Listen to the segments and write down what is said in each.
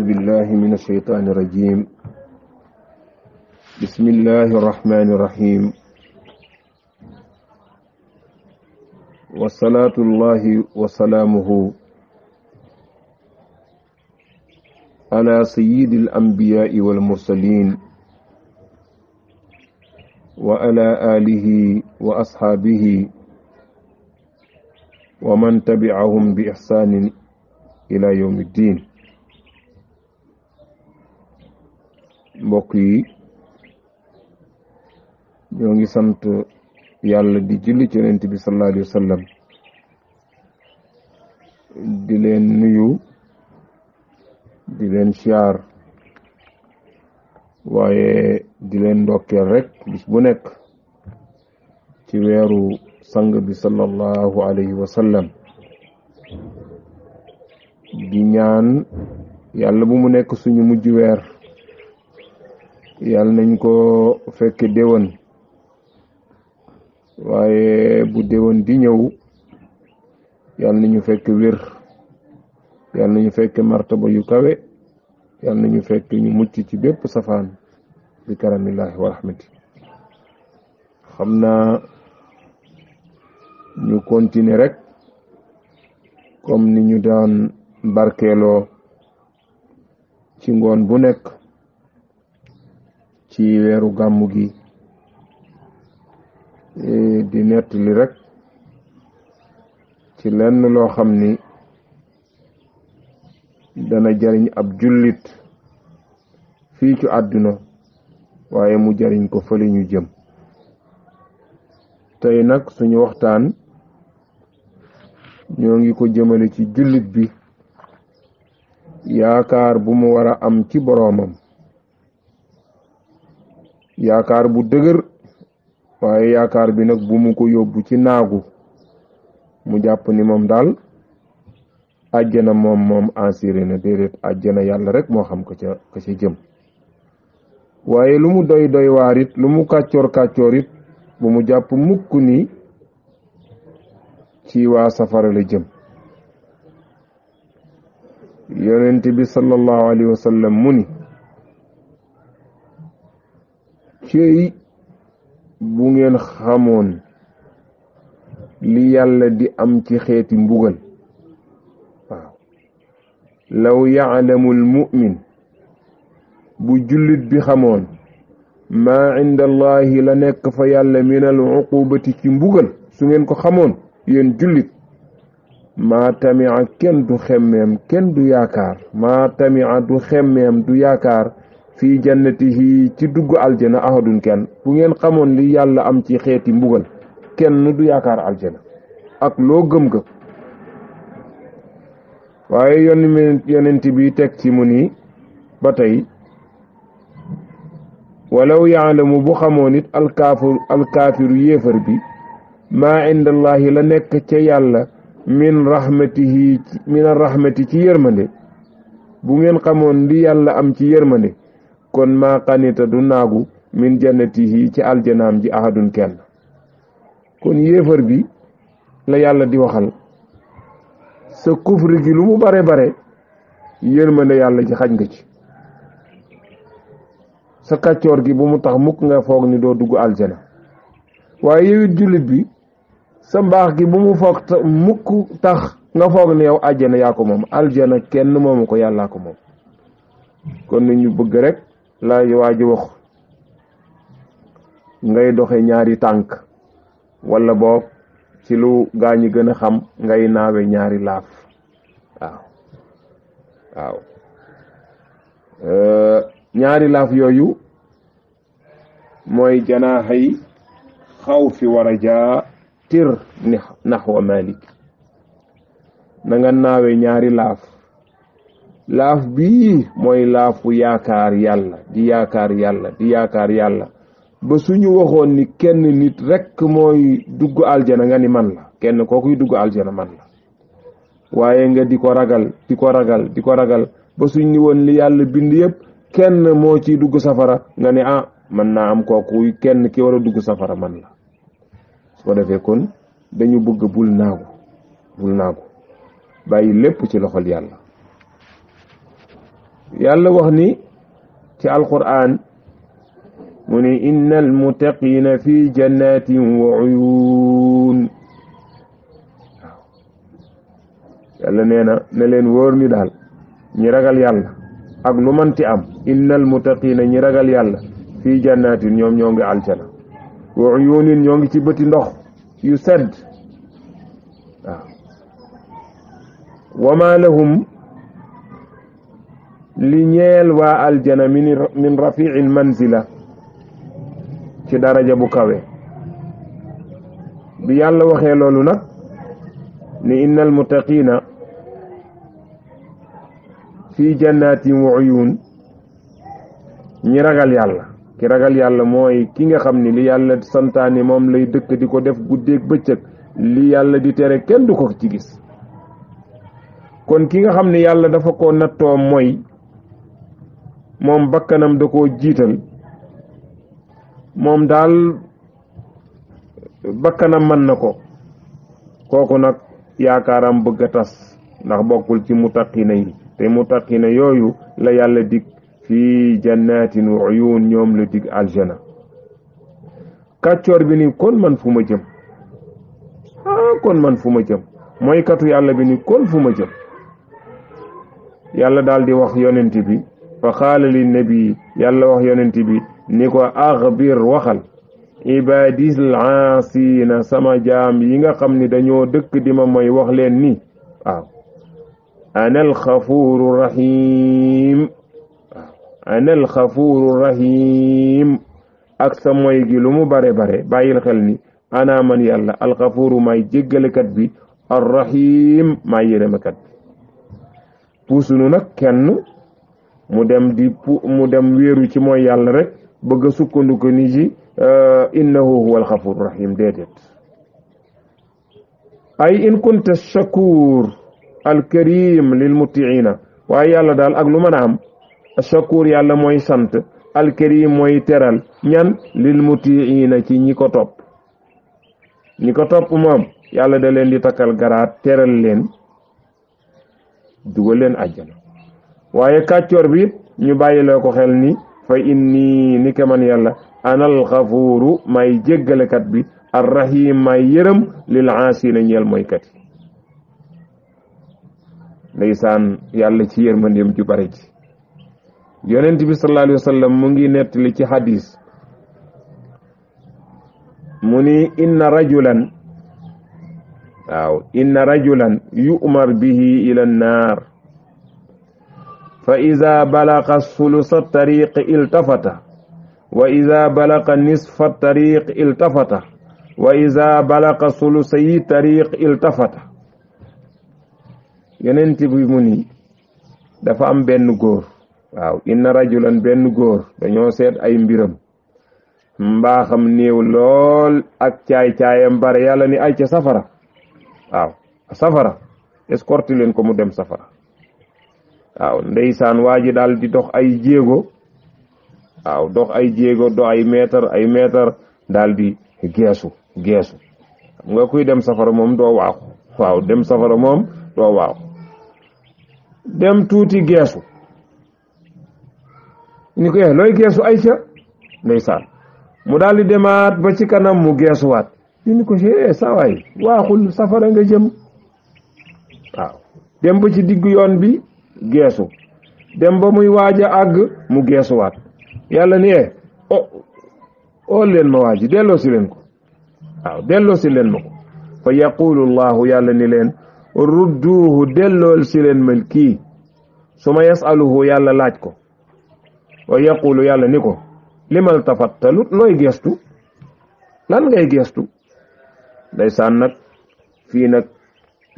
أعوذ بالله من الشيطان الرجيم بسم الله الرحمن الرحيم والصلاة الله وسلامه على سيد الأنبياء والمرسلين وعلى آله وأصحابه ومن تبعهم بإحسان إلى يوم الدين bokk yi ñoo ngi sant yàlla di julli ci yonent bi sallallahu alayhi wa sallam di leen nuyu di leen siyaar waaye di leen ndokkeel rek bu nekk ci weeru sang bi sallallahu alayhi wa sallam di ñaan yàlla bu mu nekk suñu mujj weer yàlla nañ ko fekk déwén waaye bu déwén di ñëw yàlla nañu fekk wér yàlla nañu fekk martaba yu kawe yàlla nañu fekk ñu mucc ci bépp safaan bi karamillahi wa rahmati xam naa ñu continuer rekk kom ni ñu daan barkeeloo ci ngoon bu nekk ci weeru gàmmu gi e, di nettali rek ci lenn loo xam ni dana jariñ ab jullit fii ci àdduna waaye mu jariñ ko fële ñu jëm tey nag suñu waxtaan ñoo ngi ko jëmale ci jullit bi yaakaar bu mu war a am ci boroomam yaakaar bu dëgër waaye yaakaar bi nag bu mu ko yóbbu ci naagu mu jàpp ni moom daal àjjana moom moom assuré na déedéet àjjana yàlla rek moo xam ko ca ka ca jëm waaye lu mu doy doy waar it lu mu kàccoor kàccoor bu mu jàpp mukk ni ci waa safara la jëm yonent bi sallallahu alayhi wa mu ni céy bu ngeen xamoon li yàlla di am ci xeeti mbugal law yaalamul mu'min bu jullit bi xamoon maa inda la nekk fa yàlla minal uqubati ci mbugal su ngeen ko xamoon yéen jullit maa tamia kenn du xemmeem kenn du yaakaar maa tamia du xemmeem du yaakaar fii jannatihi ci dugg aljana ahadun kenn bu ngeen xamoon li yàlla am ci xeeti mbugal kenn du yaakaar aljana ak loo gëm-gëm waaye yonni yonent bi teg ci mu nii ba tey walaw mu bu xamoon it alkaafir alkaafiru yéefar bi maa indallahi la nekk ca yàlla min rahmatihi min rahmati ci yërmande bu ngeen xamoon li yàlla am ci yërmande kon ma qanita du nagu min jannatihi ci aljanam ji ahadun kenn kon yéefar bi la yàlla di waxal sa kufri gi lu mu bare bare yërmande yàlla ci xaj nga ci sa kàccoor gi bu mu tax mukk nga foog ni doo dugg aljana waaye yewit julit bi sa mbaax gi bu mu foog mukk tax nga foog ni yow aljana yaa ko aljana kenn moomu ko yàllaa ko moom kon ñu bëgg rek lay waa ji wax ngay doxe ñaari tànk wala boog ci lu gaa ñi gën a xam ngay naawe ñaari laaf waaw waaw euh, ñaari laaf yooyu mooy janaaxay xaw fi war a jaa tir naxwa malik na nga naawe ñaari laaf laaf bii mooy laafu yaakaar yàlla di yaakaar yàlla di yaakaar yàlla ba suñu waxoon ni kenn nit rekk mooy dugg aljana nga ni man la kenn koo kuy dugg aljana man la waaye nga di ko ragal di ko ragal di ko ragal ba suñ woon li yàlla bind yëpp kenn moo ciy dugg safara nga ni ah man naa am kooku kenn ki war a dugg safara man la su ko defee kon dañu bëgg bul naagu bul naagu bàyyi lépp ci loxol yàlla yàlla wax ni ci alquran mu ni inna almutaqina fi jannatin wa uyun yàlla nee na ne leen wóor ni daal ñi ragal yàlla ak lu manti am inna almutaqina ñi ragal yàlla fii jannatin ñoom ñoo ngi alcana wa uyunin ñoo ngi ci bëti ndox yu sedd waaw wama lahum li ñeelwa aljana min rafiin mansila ci daraja bu kawe bi yàlla waxee loolu nag ni inna almutaqina fi jannatin wa uyun ñi ragal yàlla ki ragal yàlla mooy ki nga xam ni li yàlla santaani moom lay dëkk di ko def guddeeg bëccëg li yàlla di tere kenn du ko ci gis kon ki nga xam ni yàlla dafa ko nattoo moy moom bakkanam da koo jiital moom daal bakkanam man na ko kooku nag yaakaaram bëgg a tas ndax bokkul ci mutaqina yi te na yooyu la yàlla dig fi jannatin wa uyun ñoom la dig aljana kàccoor bi ni kon man fu ma jëm ah kon man fu ma jëm mooy katu yàlla bi ni kon fu ma jëm yàlla daal di wax yonent bi fa xaala li nabi yàlla wax yonent bi ni ko axbir waxal ibadil aasina sama jaam yi nga xam ni dañoo dëkk di ma mooy wax leen ni waaw ana alxafuuru rahim ak sa moy gi lu mu bare bare bàyyil xel ni ana man yàlla alxafuuru may jéggalekat bi arrahim may yërëmekat bi puusunu nag kenn mu dem di mu dem wéeru ci mooy yàlla rek bëgg a sukkandiku ni ji euh, innahu huwal xafuru rahim déedéet ay in kunta shakur al karim lil mutiina waaye yàlla daal ak lu mën a am shakur yàlla mooy sant al karim mooy teral ñan lil mutiina ci ñi ko topp ñi ko topp moom yàlla da leen di takkal garaat teral leen dugal leen àjjana waaye kàccoor bi it ñu bàyyiloo ko xel ni fa inni ni ke man yàlla anal xafuuru may jéggalekat bi arrahim may yërëm lil aasina ñeel mooykat yi ndeysaan yàlla ci yërmandeem ju bare ji yonent bi sallallahu alayhi mu ngi nettali ci hadis mu ni inna rajulan waaw inna rajulan yu'mar bihi ila nnaar fa ida balaqa sulusa tariq iltafata wa ida balaqa nisfa tariq iltafata wa ida balaqa sulusayi tariq iltafata yonent bi mu ni dafa am benn góor waaw inna rajulan benn góor dañoo seet ay mbiram mbaaxam néew lool ak caay-caayam bare yàlla ni ay ca safara waaw safara escorte leen ko mu dem safara waaw ndeysaan waa ji daal di dox ay jéego waaw dox ay jéego dox ay meetar ay meetar daal di geesu geesu nga kuy dem safara moom doo waaxu dem safara moom doo waaxu tuuti geesu ni ko eh looy geesu ay ca ndeysaan mu daal di demaat ba ci kanam mu geesuwaat ñu ni ko eh sawaay waaxul safara nga jëm waaw dem ba ci diggu yoon bi geesu dem ba muy waaj a àgg mu geesuwaat yàlla ni e o oo leen ma waaji delloo leen ko waaw delloo leen ma ko fa yaqulu llahu yàlla ni leen rudduuhu dellool si leen ma kii su ma yasaluhu yàlla laaj ko wa yaqulu yàlla ni ko limal tafattalut looy geestu lan ngay geestu ndeysaan nag fii nag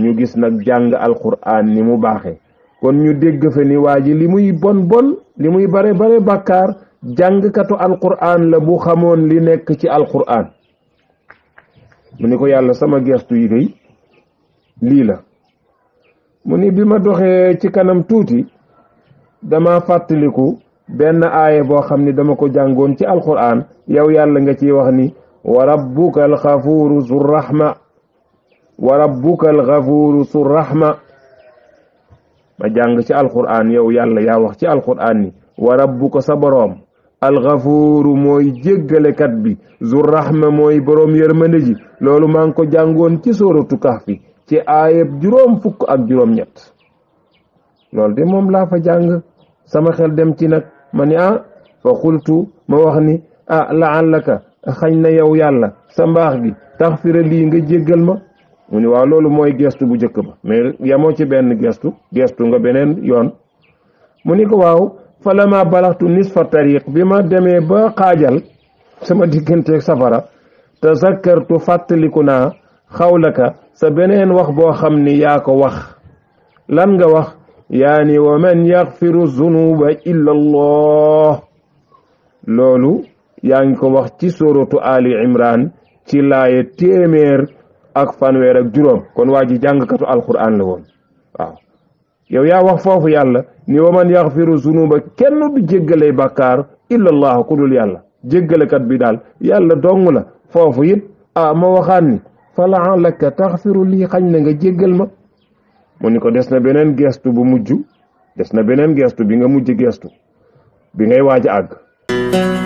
ñu gis nag jàng alquraan ni mu baaxee kon ñu dégg fa ni waa ji li muy bon bon li muy bare bare bàkkaar jàngkatu alquraan la bu xamoon li nekk ci alquraan mu ni ko yàlla sama geestu yi day lii la mu ni bi ma doxee ci kanam tuuti dama fàttaliku benn aaya boo xam ni dama ko jàngoon ci alquraan yow yàlla nga ciy wax ni wa rabbuka alxafuuru su rahma wa rabbuka alxafuuru ba jàng ci alquran yow yàlla yaa wax ci alquran ni wa ko sa boroom alxafuuru mooy jéggalekat bi zu rahma mooy boroom yërmande ji loolu maa ngi ko jàngoon ci sóoratu kahfi ci aayab juróom fukk ak juróom ñett loolu de moom laa fa jàng sama xel dem ci nag ma ni ah fa xultu ma wax ni ah laallaka xañ na yow yàlla sa mbaax gi taxfira lii nga jéggal ma mu ni waaw loolu mooy gestu bu njëkk ba mais yemoo ci benn gestu gestu nga beneen yoon mu ni ko waaw falama balaxtu nisfa tariq bi ma demee ba xaajal sama digganteeg safara te zakkartu fàttaliku naa xawlaka sa beneen wax boo xam ni yaa ko wax lan nga wax yaa ni wa man yaxfiru zunuba illa loolu yaa ngi ko wax ci suratu ali imran ci laaye téeméer ak fanweer ak juróom kon waa ji jàngkatu alquran la woon yow yaa wax foofu yàlla ni wa man yaxfiru zunuba kenn du jéggalee bàkkaar illallah ku yàlla jéggalekat bi daal yàlla dong la foofu it ah ma waxaan ni fa laalaka taxfiru lii xañ na nga jéggal ma mu ni ko des na beneen geestu bu mujj des na beneen gestu bi nga mujj gestu bi ngay waaj a àgg